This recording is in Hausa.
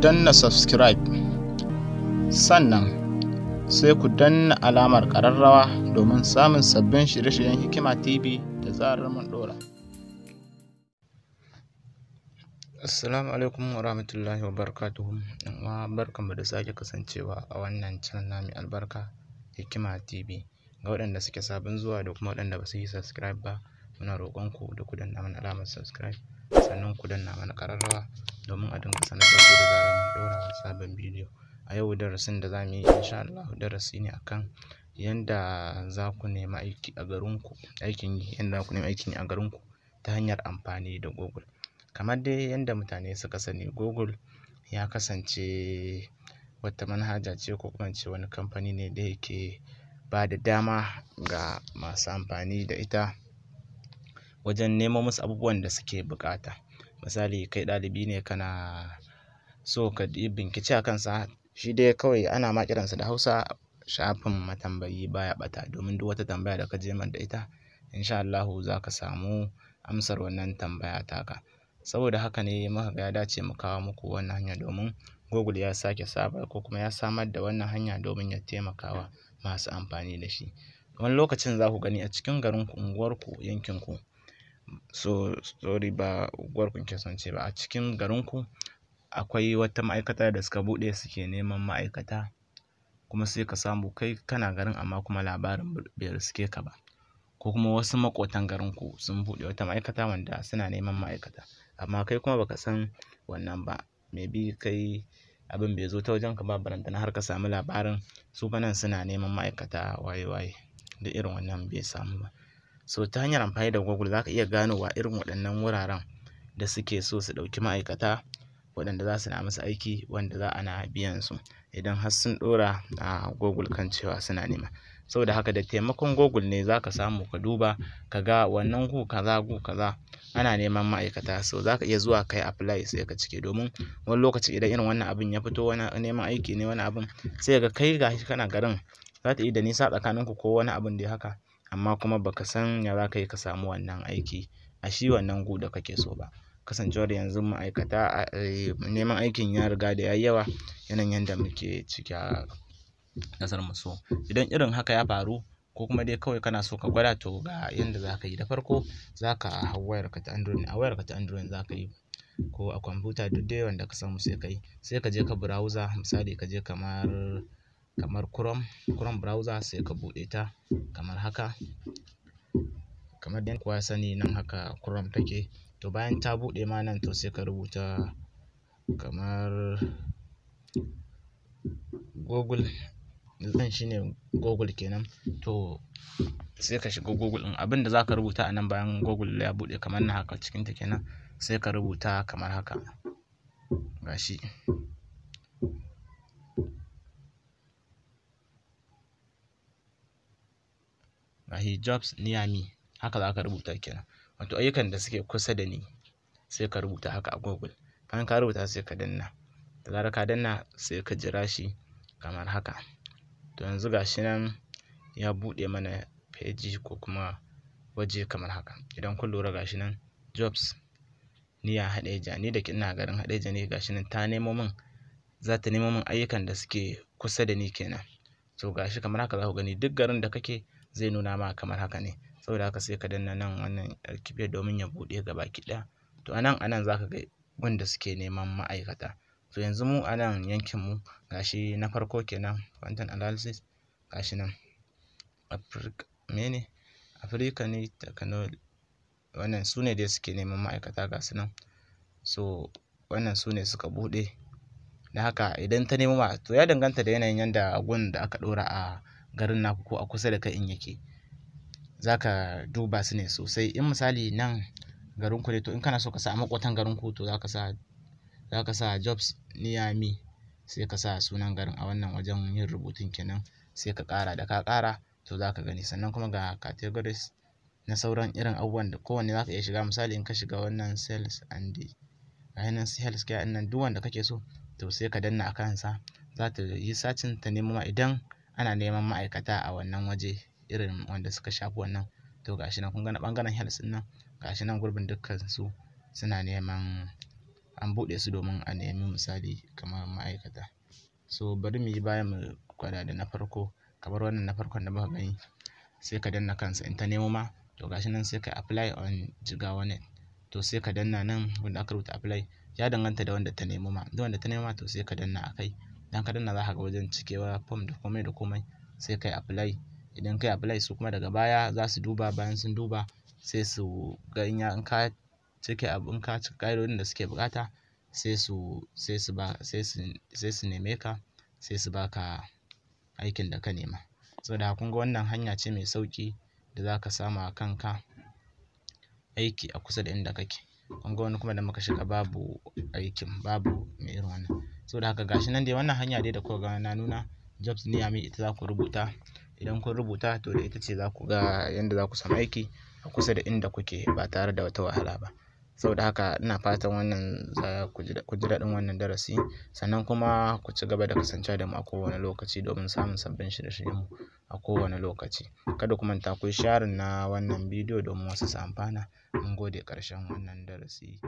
danna subscribe sannan sai ku danna alamar ƙararrawa domin samun sabbin shirye-shiryen hikima tv da zarar mun dora assalamu alaikum wa rahmatullahi wa barakatuhu wa barkan da sake kasancewa a wannan channel na albarka hikima tv ga waɗanda suke sabon zuwa da kuma waɗanda ba su yi subscribe ba muna roƙonku da ku danna mana alamar subscribe sannan ku danna mana A yau darasin da za mu yi insha Allah darasi ne akan yanda za ku nemi aiki a ku aikin yi, yanda za ku nemi aikin yi a garinku ta hanyar amfani da Google. Kamar dai yanda mutane suka sani Google ya kasance wata manhaja ce ko kuma ce wani kamfani ne da yake ba da dama ga masu amfani da ita wajen nemo musu abubuwan da suke bukata Misali kai ɗalibi ne kana so ka bincike a kansa shi dai kawai ana ma kiransa da hausa shafin matambayi baya bata domin duk wata tambaya da ka je da ita insha Allah za ka samu amsar wannan tambaya taka saboda haka ne muka ga ya dace mu kawo muku wannan hanya domin Google ya sake sabar ko kuma ya samar da wannan hanya domin ya taimakawa masu amfani da shi wani lokacin za ku gani a cikin garin ku unguwar ku yankin so sorry ba unguwar ku ke ba a cikin garin ku akwai wata ma'aikata da suka buɗe suke neman ma'aikata kuma sai ka samu kai kana garin amma kuma labarin bai riske ka ba ko kuma wasu maƙotan garinku sun buɗe wata ma'aikata wanda suna neman ma'aikata amma kai kuma baka san wannan ba maybe kai abin bai zo ta wajen ka ba barantana har ka samu labarin su nan suna neman ma'aikata waye waye da irin wannan bai samu ba so ta hanyar amfani da google zaka iya ganowa irin waɗannan wuraren da suke so su ɗauki ma'aikata waɗanda za su na masu aiki wanda za a na biyan su idan har sun ɗora a google kan cewa suna nema saboda haka da taimakon google ne za ka samu ka duba ka ga wannan gu kaza gu kaza ana neman ma'aikata so za ka iya zuwa kai apply sai ka cike domin wani lokaci idan irin wannan abin ya fito wani neman aiki ne wani abin sai ga kai gashi kana garin za ta yi da nisa tsakanin ku ko wani abin da haka amma kuma baka san ya za ka yi ka samu wannan aiki a shi wannan gu da kake so ba kasancewar yanzu ma'aikata eh, neman aikin ya riga da ya yi yawa yanayin yadda muke ciki a ƙasar mu so idan irin haka ya faru ko kuma dai kawai kana so ka gwada to ga yadda za ka yi da farko za ka hau ka ta android a wayarka ta android za ka yi ko a kwamfuta duk dai wanda ka samu sai ka yi sai ka je ka browser misali ka je kamar kamar chrome chrome browser sai ka buɗe ta kamar haka kamar dai kowa sani nan haka chrome take to bayan ta buɗe ma nan to sai ka rubuta kamar google zan shine google kenan to sai ka shiga google din abinda za ka rubuta a nan bayan google ya buɗe kamar na haka cikin ta kenan sai ka rubuta kamar haka gashi gashi jobs near me haka za ka rubuta kenan wato ayyukan da suke kusa da ni sai ka rubuta haka a google bayan ka rubuta sai ka danna da zarar ka danna sai ka jira shi kamar haka to yanzu gashi nan ya buɗe mana feji ko kuma waje kamar haka idan kun lura gashi nan jobs ni ya ja ni da ina garin ja ne gashi nan ta nemo min za ta nemo min ayyukan da suke kusa da ni kenan to gashi kamar haka za ku gani duk garin da kake zai nuna ma kamar haka ne saboda haka sai ka danna nan wannan alkibiyar domin ya buɗe gaba ɗaya to anan anan zaka ga wanda suke neman ma'aikata to yanzu mu anan yankin mu gashi na farko kenan content analysis gashi nan Africa mene Africa ne wannan su ne dai suke neman ma'aikata ga su nan so wannan su ne suka buɗe da haka idan ta nemo ma to ya danganta da yanayin yanda gun da aka ɗora a garin naku ko a kusa da kai in yake za ka duba su ne sosai in misali nan garin ne to in kana so ka sa a makwatan garin to za ka sa za ka sa jobs near me sai ka sa sunan garin a wannan wajen yin rubutun kenan sai ka ƙara da ka ƙara to za ka gani sannan kuma ga categories na sauran irin abubuwan da kowanne za ka iya shiga misali in ka shiga wannan sales and ga nan sales care nan duk wanda kake so to sai ka danna a kansa za ta yi sacin ta nemo ma idan ana neman ma'aikata a wannan waje irin wanda suka shafi wannan to gashi nan kun ga na ɓangaren health din nan gashi nan gurbin dukkan su suna neman an buɗe su domin a nemi misali kamar ma'aikata so bari mu yi baya mu gwada da na farko kamar wannan na farkon da muka gani sai ka danna kansa in ta nemo ma to gashi nan sai ka apply on jigawa net to sai ka danna nan wanda aka rubuta apply ya danganta da wanda ta nemo ma duk wanda ta nemo ma to sai ka danna akai dan ka danna za ka ga wajen cikewa form da komai da komai sai kai apply idan kai apply su kuma daga baya za su duba bayan sun duba sai su ga in ka cike abin ka cika ƙa'idodin da suke buƙata sai su sai su ba sai su sai su neme ka sai su baka aikin da ka nema saboda kun ga wannan hanya ce mai sauƙi da za ka a kanka aiki a kusa da inda kake kun ga wani kuma da muka shiga babu aikin babu mai irin wannan saboda haka gashi nan dai wannan hanya dai da kuka ga na nuna jobs ne ita za ku rubuta idan kun rubuta to da ita ce za ku ga yadda za ku samu aiki a kusa da inda kuke ba tare da wata wahala ba saboda haka ina fatan wannan za ku ji daɗin wannan darasi sannan kuma ku ci gaba da kasancewa da mu a kowane lokaci domin samun sabbin shirye-shiryenmu a kowane lokaci kada ku manta ku yi sharin na wannan bidiyo domin wasu su amfana mun gode ƙarshen wannan darasi